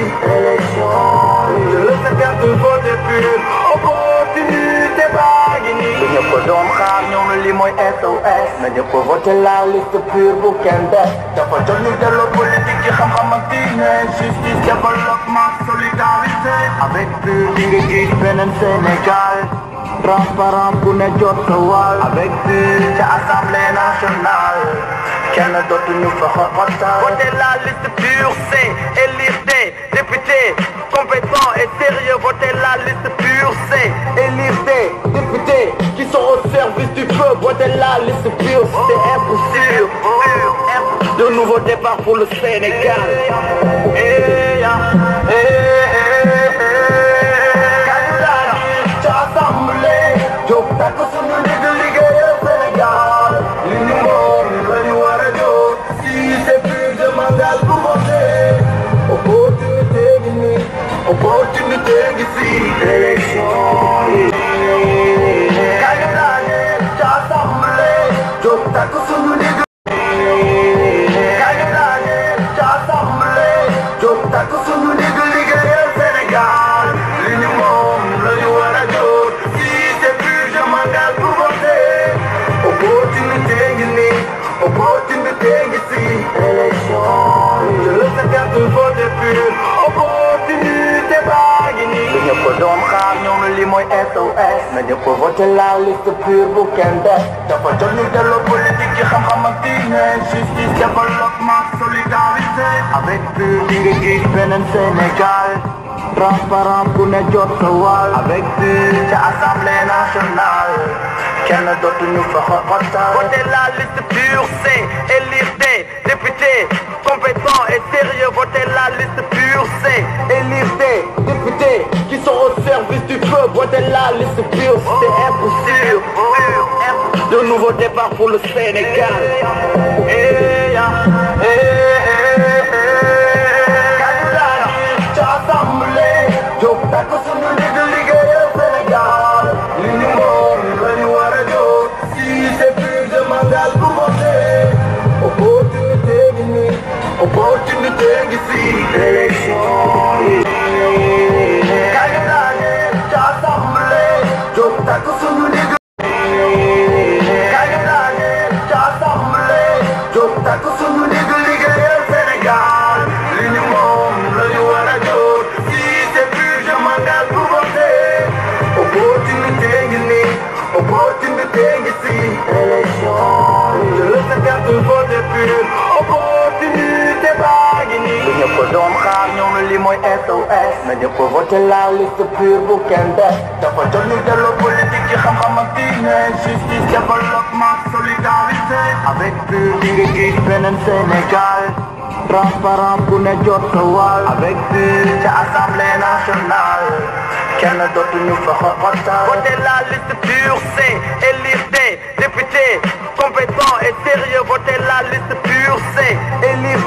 élection yi. le carte de vote pure opportunité baa ngi nii. ñëpp doon xaar ñoom li mooy SOS. na ñëpp voté la liste pure bu kenn des. dafa jot ñu delloo politique ci xam-xam ak diine. justice développement solidarité. avec pure di nga gis beneen Sénégal. transparent bu ne jot sa wàll. avec pure ca assemblée nationale. Votez voter la liste pure c'est élire députés compétents et sérieux voter la liste pure c'est élire députés qui sont au service du peuple voter la liste pure c'est impossible oh, de nouveau départ pour le Sénégal eh, eh, eh, takk suñu digg liggéeyal Sénégal li ñu moom la ñu war a jóg fii c'est plus je m'engage pour voter opportunité ngi nii opportunité ngi si élection je le sa carte vote pur opportunité baa ngi nii ñëpp doon xaar ñoom li mooy SOS na ñëpp voté la liste pur bu kenn des dafa jot ñu delloo politique ci xam-xam ak diine justice développement en Sénégal transparent pour ne jot sa avec pur assemblée nationale nous nous fa voter la liste pure c'est élire des députés compétents et sérieux voter la liste pure c'est élire des députés qui sont au service du peuple voter la liste pure c'est impôt sûr de nouveau départ pour le Sénégal opportunity you see election. SOS Mais je peux voter la liste pure bu kenn des dafa jot de delloo politique ci xam-xam ak diine justice développement solidarité avec pure di nga gis Sénégal transparent pour les autres. avec pure assemblée nationale nous dootuñu pas ça Voter la liste pure c'est élire Député, compétent et sérieux voter la liste pure c'est élire